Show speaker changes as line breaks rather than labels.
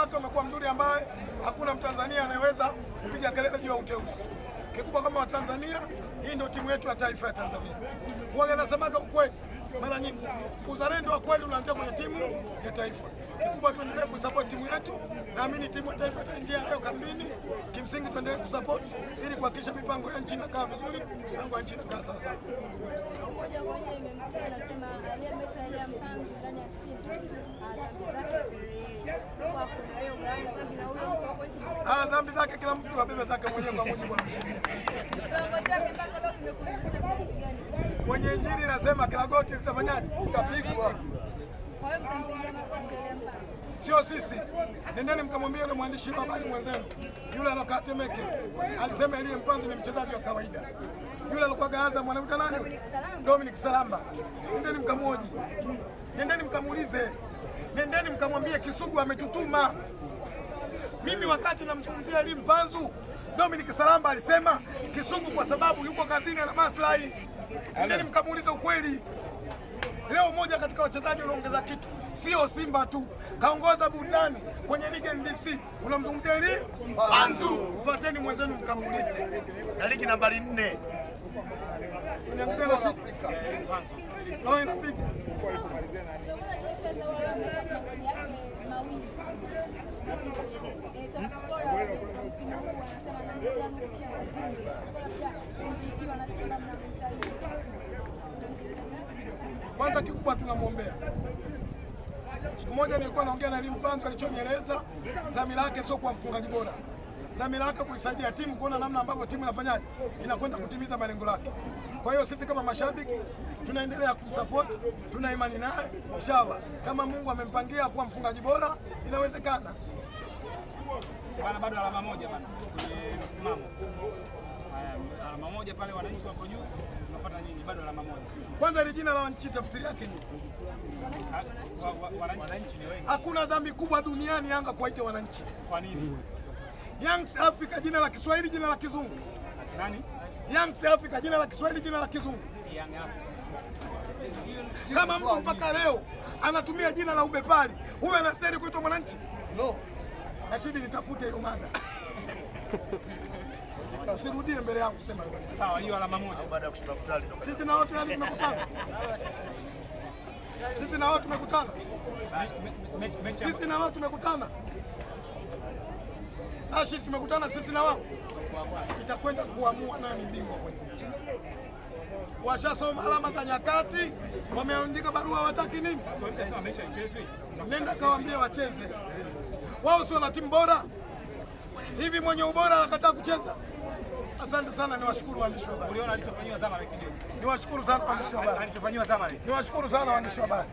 wake umekuwa mzuri, ambaye hakuna mtanzania anayeweza kupiga kelele juu ya uteuzi. Kikubwa kama Watanzania, hii ndio timu yetu ya taifa ya Tanzania. Huwaga nasemaga ukweli mara nyingi, uzalendo wa kweli unaanzia kwenye timu ya taifa. Kikubwa tuendelee kusapoti timu yetu, naamini timu ya taifa itaingia leo kambini. Kimsingi tuendelee kusapoti ili kuhakikisha mipango ya nchi inakaa vizuri, mipango ya nchi inakaa sawa sawa. kila mtu abebe zake mwenyewe kwa mujibu wa kwenye Injili nasema kila goti litafanyaje? Utapigwa. Sio sisi. Nendeni mkamwambia yule mwandishi wa habari mwenzenu yule alokaa Temeke alisema Elie Mpanzu ni mchezaji wa kawaida. Yule alikuwa Gaza mwanamta nani? Dominic Salamba. Nendeni mkamwoji, nendeni mkamuulize, nendeni mkamwambie Kisugu ametutuma mimi wakati namzungumzia Elie Mpanzu, Dominic Salamba alisema Kisugu kwa sababu yuko kazini, ana maslahi. Ndeni mkamuulize ukweli. Leo mmoja katika wachezaji unaongeza kitu, sio Simba tu, kaongoza burudani kwenye ligi NBC. Unamzungumzia Elie Mpanzu, mfuateni mwenzenu mkamuulize, na ligi nambari nne. Unaangalia Afrika. Leo inapiga Kwanza kikubwa tunamwombea. Siku moja nilikuwa naongea na Elimu Panzo, alichonieleza dhamira yake sio kuwa mfungaji bora, dhamira yake kuisaidia timu kuona namna ambavyo timu inafanyaje inakwenda kutimiza malengo yake. Kwa hiyo sisi kama mashabiki tunaendelea kumsapoti, tuna imani naye inshallah, kama Mungu amempangia kuwa mfungaji bora inawezekana
bana, bado alama moja bana kwenye msimamo, alama moja pale, wananchi wako juu, tunafuata nyinyi, bado alama moja.
Kwanza ile jina la wananchi, tafsiri yake ni wananchi ni wengi. Hakuna dhambi kubwa duniani Yanga kuwaita wananchi. Kwa nini? Youngs Africa jina la Kiswahili, jina la Kizungu. Nani? Youngs Africa jina la Kiswahili, jina la Kizungu. Kama mtu mpaka leo anatumia jina la ubepari, huyo anastahili kuitwa mwananchi? No nashidi nitafute hiyo usirudie mbele yangu, sema
sawa. Hiyo alama moja baada ya
kushtafuta. Sisi na wao hadi tumekutana, sisi na wao tumekutana, sisi na wao tumekutana, Rashid tumekutana sisi na wao, itakwenda kuamua nani bingwa kwenye nchi. Washasoma alama za nyakati, wameandika barua, wataki nini? Nenda kawaambia wacheze wao sio na timu bora hivi? Mwenye ubora anakataa kucheza? Asante sana, niwashukuru waandishi wa habari. Uliona alichofanyiwa Zamalek juzi? Niwashukuru sana waandishi wa habari, alichofanyiwa Zamalek. Niwashukuru sana waandishi wa habari.